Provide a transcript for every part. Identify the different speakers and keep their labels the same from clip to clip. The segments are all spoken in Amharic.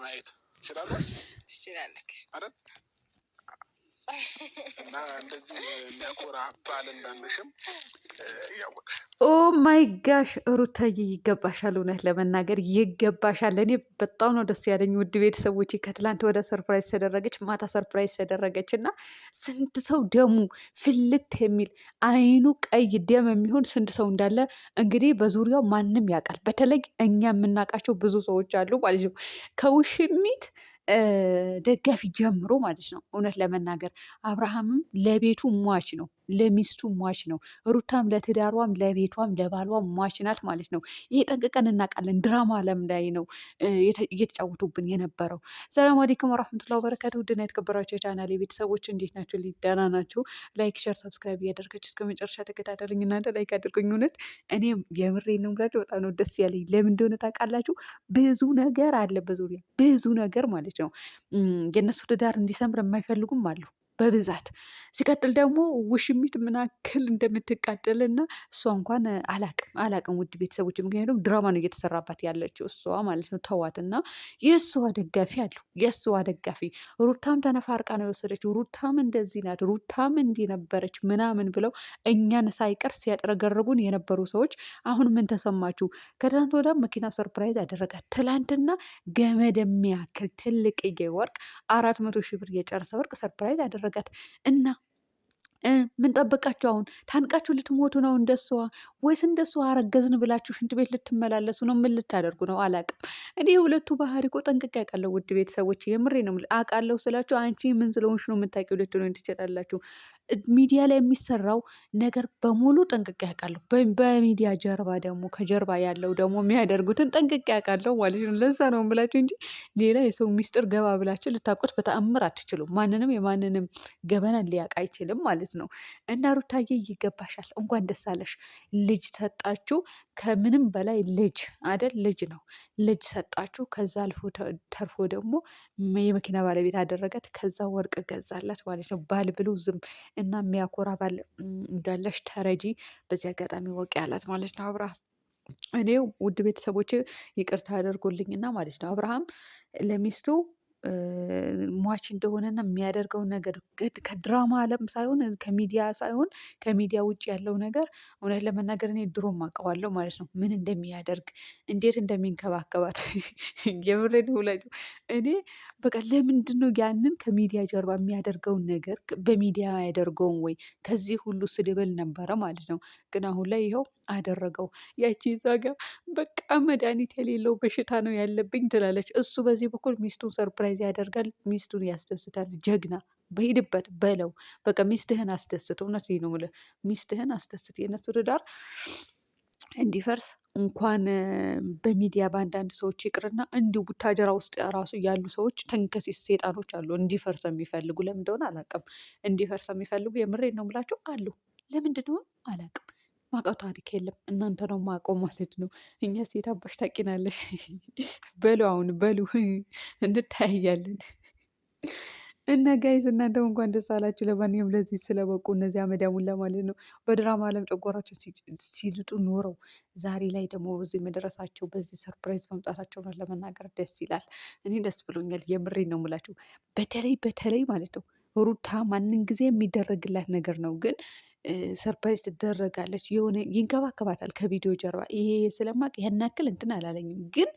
Speaker 1: ማየት ይችላሉ። ትችላለህ አይደል?
Speaker 2: ኦ ማይ ጋሽ ሩታዬ ይገባሻል። እውነት ለመናገር ይገባሻል። ለእኔ በጣም ነው ደስ ያለኝ ውድ ቤተሰቦች። ከትላንት ወደ ሰርፕራይዝ ተደረገች፣ ማታ ሰርፕራይዝ ተደረገች እና ስንት ሰው ደሙ ፍልት የሚል አይኑ ቀይ ደም የሚሆን ስንት ሰው እንዳለ እንግዲህ በዙሪያው ማንም ያውቃል። በተለይ እኛ የምናውቃቸው ብዙ ሰዎች አሉ ማለት ነው ከውሽሚት ደጋፊ ጀምሮ ማለት ነው። እውነት ለመናገር አብርሃምም ለቤቱ ሟች ነው። ለሚስቱ ሟች ነው። ሩታም ለትዳሯም፣ ለቤቷም፣ ለባሏም ሟች ናት ማለት ነው። ይሄ ጠንቅቀን እናውቃለን። ድራማ አለም ላይ ነው እየተጫወቱብን የነበረው። ሰላም አለይኩም ወራህመቱላ ወበረካቱ። ውድና የተከበራቸው የቻናል የቤተሰቦች እንዴት ናቸው? ሊዳና ናቸው። ላይክ፣ ሸር፣ ሰብስክራይብ እያደረገች እስከ መጨረሻ ተከታተልኝ። እናንተ ላይክ አድርጉኝ። እውነት እኔም የምሬ ነው ምላቸው በጣም ነው ደስ ያለኝ። ለምን እንደሆነ ታውቃላችሁ? ብዙ ነገር አለ በዙሪያ ብዙ ነገር ማለት ነው። የእነሱ ትዳር እንዲሰምር የማይፈልጉም አሉ። በብዛት ሲቀጥል ደግሞ ውሽሚት ምናክል እንደምትቃጠልና እሷ እንኳን አላቅም አላቅም። ውድ ቤተሰቦች ምክንያቱም ድራማ ነው እየተሰራባት ያለችው እሷ ማለት ነው። ተዋትና የእሷ ደጋፊ አሉ። የእሷ ደጋፊ ሩታም ተነፋርቃ ነው የወሰደችው። ሩታም እንደዚህ ናት፣ ሩታም እንዲህ ነበረች ምናምን ብለው እኛን ሳይቀር ሲያጥረገርጉን የነበሩ ሰዎች አሁን ምን ተሰማችሁ? ከትናንት ወዲያ መኪና ሰርፕራይዝ አደረጋት ትላንትና ገመድ የሚያክል ትልቅ የወርቅ አራት መቶ ሺህ ብር የጨርሰ ወርቅ ሰርፕራይዝ ያደረገ ያደረጋት እና ምን ጠበቃችሁ አሁን ታንቃችሁ ልትሞቱ ነው እንደሷ ወይስ እንደሷ አረገዝን ብላችሁ ሽንት ቤት ልትመላለሱ ነው ምን ልታደርጉ ነው አላቅም እኔ የሁለቱ ባህሪ እኮ ጠንቅቄ አውቃለሁ ውድ ቤተሰቦች የምሬ ነው አውቃለሁ ስላችሁ አንቺ ምን ስለሆንሽ ነው የምታውቂው ልትሉኝ ትችላላችሁ ሚዲያ ላይ የሚሰራው ነገር በሙሉ ጠንቅቄ ያውቃለሁ በሚዲያ ጀርባ ደግሞ ከጀርባ ያለው ደግሞ የሚያደርጉትን ጠንቅቄ ያውቃለሁ ማለት ነው። ለዛ ነው የምላችሁ እንጂ ሌላ የሰው ሚስጥር ገባ ብላችሁ ልታውቁት በተአምር አትችሉም። ማንንም የማንንም ገበና ሊያውቅ አይችልም ማለት ነው። እና ሩታዬ ይገባሻል፣ እንኳን ደስ አለሽ። ልጅ ሰጣችሁ። ከምንም በላይ ልጅ አደል ልጅ ነው። ልጅ ሰጣችሁ። ከዛ አልፎ ተርፎ ደግሞ የመኪና ባለቤት አደረጋት። ከዛ ወርቅ ገዛላት ማለት ነው። ባል ብሎ ዝም እና የሚያኮራ ባል እንዳለሽ ተረጂ በዚህ አጋጣሚ ወቅ ያላት ማለት ነው አብርሃም። እኔ ውድ ቤተሰቦች ይቅርታ ያደርጉልኝና ማለት ነው አብርሃም ለሚስቱ ሟች እንደሆነና የሚያደርገውን ነገር ከድራማ ዓለም ሳይሆን ከሚዲያ ሳይሆን ከሚዲያ ውጭ ያለው ነገር እውነት ለመናገር እኔ ድሮም አውቀዋለሁ ማለት ነው። ምን እንደሚያደርግ እንዴት እንደሚንከባከባት የምሬን ሁላችሁ እኔ በቃ ለምንድነው ያንን ከሚዲያ ጀርባ የሚያደርገውን ነገር በሚዲያ አያደርገውም ወይ? ከዚህ ሁሉ ስድብል ነበረ ማለት ነው። ግን አሁን ላይ ይኸው አደረገው ያቺ ዛጋ በቃ መድኃኒት የሌለው በሽታ ነው ያለብኝ ትላለች። እሱ በዚህ በኩል ሚስቱን ሰርፕራይዝ ሰርፕራይዝ ያደርጋል፣ ሚስቱን ያስደስታል። ጀግና በሄድበት በለው በቃ ሚስትህን አስደስት። እውነት ነው የምልህ ሚስትህን አስደስት። የእነሱ ትዳር እንዲፈርስ እንኳን በሚዲያ በአንዳንድ ሰዎች ይቅርና እንዲሁ ቡታጀራ ውስጥ ራሱ ያሉ ሰዎች ተንከሲስ ሴጣኖች አሉ። እንዲፈርስ የሚፈልጉ ለምን እንደሆነ አላውቅም። እንዲፈርስ የሚፈልጉ የምሬ ነው የምላቸው አሉ። ለምንድን ነው አላውቅም። ማውቀው ታሪክ የለም። እናንተ ነው ማውቀው ማለት ነው። እኛ ሴት አባሽ ታቂናለሽ በሉ፣ አሁን በሉ እንታያያለን። እና ጋይዝ እናንተም እንኳን ደስ አላችሁ። ለማንኛውም ለዚህ ስለበቁ እነዚህ አመዳሙን ለማለት ነው በድራማ ዓለም ጨጓራቸው ሲልጡ ኖረው ዛሬ ላይ ደግሞ እዚህ መድረሳቸው በዚህ ሰርፕራይዝ መምጣታቸው ነው ለመናገር ደስ ይላል። እኔ ደስ ብሎኛል። የምሬ ነው የምላችሁ። በተለይ በተለይ ማለት ነው ሩታ ማንን ጊዜ የሚደረግላት ነገር ነው ግን ሰርፕራይዝ ትደረጋለች። የሆነ ይንከባከባታል ከቪዲዮ ጀርባ። ይሄ ስለማቅ ይሄን ያክል እንትን አላለኝም፣ ግን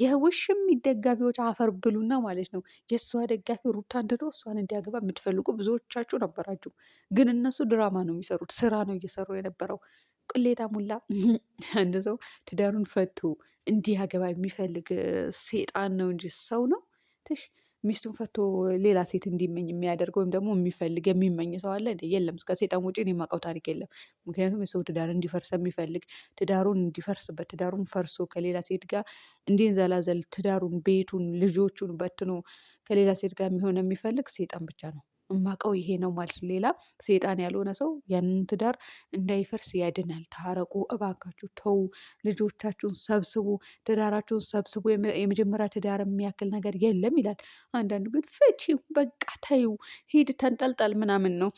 Speaker 2: የውሽም ደጋፊዎች አፈር ብሉና ማለት ነው። የእሷ ደጋፊ ሩታ እንድዶ እሷን እንዲያገባ የምትፈልጉ ብዙዎቻችሁ ነበራችሁ፣ ግን እነሱ ድራማ ነው የሚሰሩት፣ ስራ ነው እየሰሩ የነበረው። ቅሌታ ሙላ አንድ ሰው ትዳሩን ፈቶ እንዲህ የሚፈልግ ሴጣን ነው እንጂ ሰው ነው ትሽ ሚስቱን ፈቶ ሌላ ሴት እንዲመኝ የሚያደርግ ወይም ደግሞ የሚፈልግ የሚመኝ ሰው አለ? የለም። እስከ ሴጣን ውጭ እኔ የማውቀው ታሪክ የለም። ምክንያቱም የሰው ትዳር እንዲፈርስ የሚፈልግ ትዳሩን እንዲፈርስበት ትዳሩን ፈርሶ ከሌላ ሴት ጋር እንዲንዘላዘል ትዳሩን፣ ቤቱን፣ ልጆቹን በትኖ ከሌላ ሴት ጋር የሚሆን የሚፈልግ ሴጣን ብቻ ነው። እማቀው ይሄ ነው ማለት ሌላ ሴጣን ያልሆነ ሰው ያንን ትዳር እንዳይፈርስ ያድናል። ታረቁ እባካችሁ ተዉ፣ ልጆቻችሁን ሰብስቡ፣ ትዳራችሁን ሰብስቡ። የመጀመሪያ ትዳር የሚያክል ነገር የለም ይላል። አንዳንዱ ግን ፍቺው በቃ ተይው፣ ሂድ ተንጠልጠል ምናምን ነው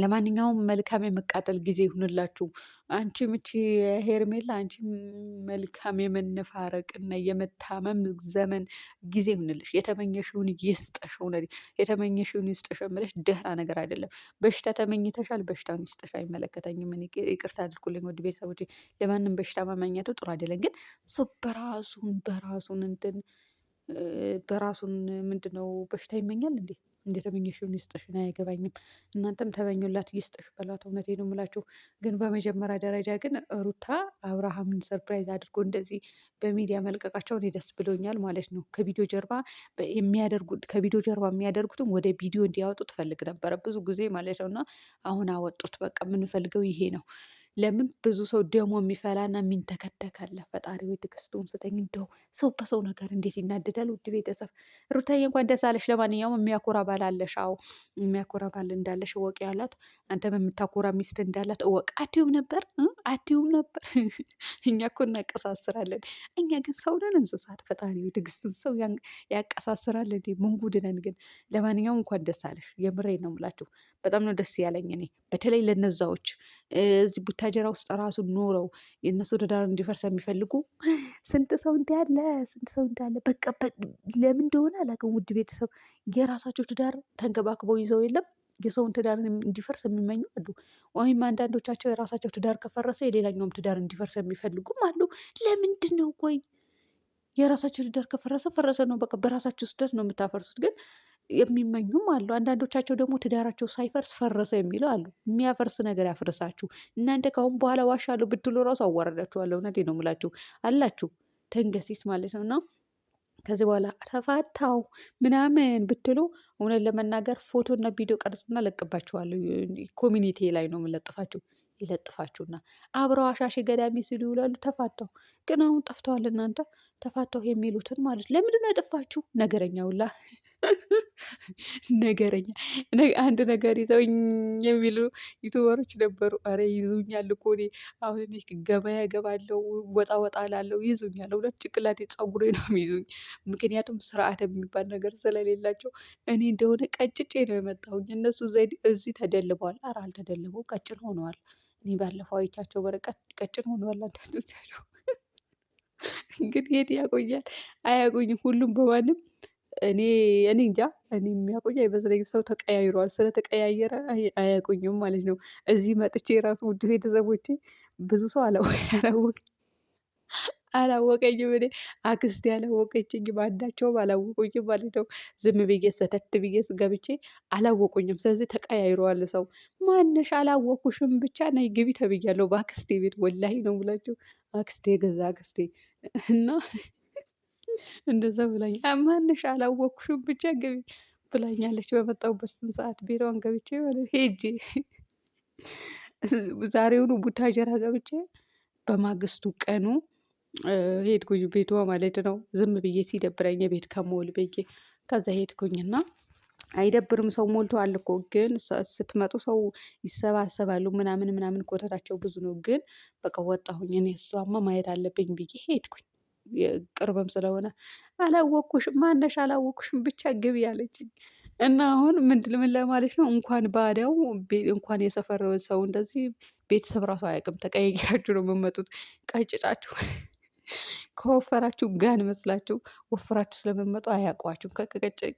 Speaker 2: ለማንኛውም መልካም የመቃጠል ጊዜ ይሁንላችሁ። አንቺ ምቺ ሄርሜላ አንቺ መልካም የመነፋረቅና የመታመም ዘመን ጊዜ ይሁንልሽ። የተመኘሽውን ይስጠሽ። እውነት የተመኘሽውን ይስጠሽ። ምለሽ ደህና ነገር አይደለም። በሽታ ተመኝተሻል፣ በሽታውን ይስጠሽ። አይመለከተኝም። ይቅርታ አድርጉልኝ ውድ ቤተሰቦች። ለማንም በሽታ መመኘቱ ጥሩ አይደለም። ግን ሰው በራሱን በራሱን እንትን በራሱን ምንድን ነው በሽታ ይመኛል እንዴ? እንደተመኘሽውን ይስጥሽን አይገባኝም። እናንተም ተመኙላት ይስጥሽ በሏት። እውነቴ ነው የምላችሁ። ግን በመጀመሪያ ደረጃ ግን ሩታ አብርሃምን ሰርፕራይዝ አድርጎ እንደዚህ በሚዲያ መልቀቃቸው እኔ ደስ ብሎኛል ማለት ነው። ከቪዲዮ ጀርባ የሚያደርጉት ከቪዲዮ ጀርባ የሚያደርጉትም ወደ ቪዲዮ እንዲያወጡ ትፈልግ ነበረ ብዙ ጊዜ ማለት ነው። እና አሁን አወጡት። በቃ የምንፈልገው ይሄ ነው። ለምን ብዙ ሰው ደሞ የሚፈላና የሚንተከተካለ። ፈጣሪ ወይ ትዕግስቱን ስጠኝ። እንደው ሰው በሰው ነገር እንዴት ይናደዳል? ውድ ቤተሰብ ሩታዬ እንኳን ደስ አለሽ። ለማንኛውም የሚያኮራ ባል አለሽ። አዎ የሚያኮራ ባል እንዳለሽ እወቅ ያላት አንተም የምታኮራ ሚስት እንዳላት እወቅ። አትዩም ነበር አትዩም ነበር። እኛ እኮ እናቀሳስራለን። እኛ ግን ሰው ነን፣ እንስሳት። ፈጣሪ ወይ ትዕግስቱን ሰው ያቀሳስራለን። ምንጉድ ነን ግን። ለማንኛውም እንኳን ደስ አለሽ። የምሬ ነው ምላችሁ። በጣም ነው ደስ ያለኝ እኔ በተለይ ለነዛዎች እዚህ ቡታ ሸጀራ ውስጥ ራሱ ኖረው የእነሱ ትዳር እንዲፈርስ የሚፈልጉ ስንት ሰው እንዳለ ስንት ሰው እንዳለ በቃ ለምን እንደሆነ አላውቅም። ውድ ቤተሰብ የራሳቸው ትዳር ተንከባክበው ይዘው የለም የሰውን ትዳር እንዲፈርስ የሚመኙ አሉ። ወይም አንዳንዶቻቸው የራሳቸው ትዳር ከፈረሰ የሌላኛውም ትዳር እንዲፈርስ የሚፈልጉም አሉ። ለምንድን ነው ቆይ? የራሳቸው ትዳር ከፈረሰ ፈረሰ ነው በቃ። በራሳቸው ስደት ነው የምታፈርሱት። ግን የሚመኙም አሉ። አንዳንዶቻቸው ደግሞ ትዳራቸው ሳይፈርስ ፈረሰ የሚለው አሉ። የሚያፈርስ ነገር ያፍርሳችሁ እናንተ። ካሁን በኋላ ዋሻለሁ ብትሉ ራሱ አዋረዳችኋለሁ። እውነቴን ነው የምላችሁ አላችሁ ተንገሲስ ማለት ነው እና ከዚህ በኋላ ተፋታው ምናምን ብትሉ እውነት ለመናገር ፎቶና ቪዲዮ ቀርጽና ለቅባችኋለሁ። ኮሚኒቲ ላይ ነው የምለጥፋችሁ። ይለጥፋችሁና አብረው አሻሼ ገዳሚ ሲሉ ይውላሉ። ተፋታው ግን አሁን ጠፍተዋል። እናንተ ተፋታው የሚሉትን ማለት ለምንድን ነው የጠፋችሁ? ነገረኛ ውላ ነገረኛ አንድ ነገር ይዘውኝ የሚሉ ዩቱበሮች ነበሩ። አረ ይዙኛል እኮ እኔ አሁን እኔ ገበያ ገባለው ወጣ ወጣ ላለው ይዙኛል። ሁለት ጭቅላቴ ፀጉሬ ነው የሚይዙኝ። ምክንያቱም ስርዓት የሚባል ነገር ስለሌላቸው እኔ እንደሆነ ቀጭጬ ነው የመጣሁኝ። እነሱ እዚህ ተደልበዋል። አረ አልተደልበው ቀጭን ሆነዋል። እኔ ባለፈው አይቻቸው በርቀት ቀጭን ሆነዋል አንዳንዶቻቸው። እንግዲህ የት ያቆያል? አያቆኝም። ሁሉም በማንም እኔ እኔ እንጃ እኔ የሚያቆኝ አይመስለኝም። ሰው ተቀያይሯል፣ ስለተቀያየረ አያቆኝም ማለት ነው። እዚህ መጥቼ የራሱ ውድ ቤተሰቦቼ ብዙ ሰው አላወቀኝም። እኔ አክስቴ አላወቀችኝም፣ አንዳቸውም አላወቁኝም ማለት ነው። ዝም ብዬ ሰተት ብዬ ገብቼ አላወቁኝም። ስለዚህ ተቀያይረዋል። ሰው ማነሽ አላወኩሽም፣ ብቻ ነይ ግቢ ተብያለሁ በአክስቴ ቤት። ወላሂ ነው የምላችሁ አክስቴ ገዛ አክስቴ እና እንደዛ ብላኝ ማንሽ አላወኩሽም ብቻ ግቢ ብላኛለች። በመጣሁበት ስንት ሰዓት ቢሮን ገብቼ ማለት ሄጄ ዛሬውኑ ቡታጀራ ገብቼ በማግስቱ ቀኑ ሄድኩኝ ቤቷ ማለት ነው። ዝም ብዬ ሲደብረኝ ቤት ከመወል ብዬ ከዛ ሄድኩኝና አይደብርም ሰው ሞልተዋል እኮ ግን ስትመጡ ሰው ይሰባሰባሉ ምናምን ምናምን ቆተታቸው ብዙ ነው። ግን በቃ ወጣሁኝ እኔ እሷማ ማየት አለብኝ ብዬ ሄድኩኝ። ቅርብም ስለሆነ አላወቅኩሽም ማነሽ አላወቅኩሽም ብቻ ግቢ አለችኝ። እና አሁን ምንድን ምን ለማለት ነው እንኳን ባዳው እንኳን የሰፈር ሰው እንደዚህ ቤተሰብ ራሱ አያውቅም። ተቀያይራችሁ ነው የምመጡት ቀጭጫችሁ ከወፈራችሁ ጋን መስላችሁ ወፈራችሁ ስለምመጡ አያውቋችሁም።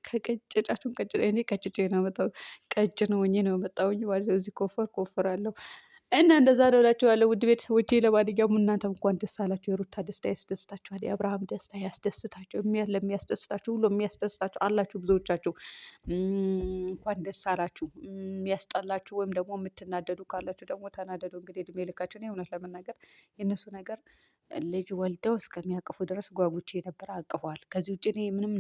Speaker 2: ከቀጭጫችሁ ቀጭ እኔ ቀጭጭ ነው መጣ ቀጭ ነው ሆኜ ነው መጣሁኝ ማለት ነው። እዚህ ከወፈር ከወፈራለሁ እና እንደዛ ነው እላችኋለሁ ውድ ቤተሰቦቼ። ለማንኛውም እናንተም እንኳን ደስ አላችሁ። የሩታ ደስታ ያስደስታችኋል። የአብርሃም ደስታ ያስደስታችሁ። ለሚያስደስታችሁ ሁሉ የሚያስደስታችሁ አላችሁ። ብዙዎቻችሁ እንኳን ደስ አላችሁ። የሚያስጠላችሁ ወይም ደግሞ የምትናደዱ ካላችሁ ደግሞ ተናደዱ። እንግዲህ እድሜ ልካችሁን የእውነት ለመናገር የእነሱ ነገር ልጅ ወልደው እስከሚያቅፉ ድረስ ጓጉቼ ነበር። አቅፏል። ከዚህ ውጭ እኔ ምንም ነገር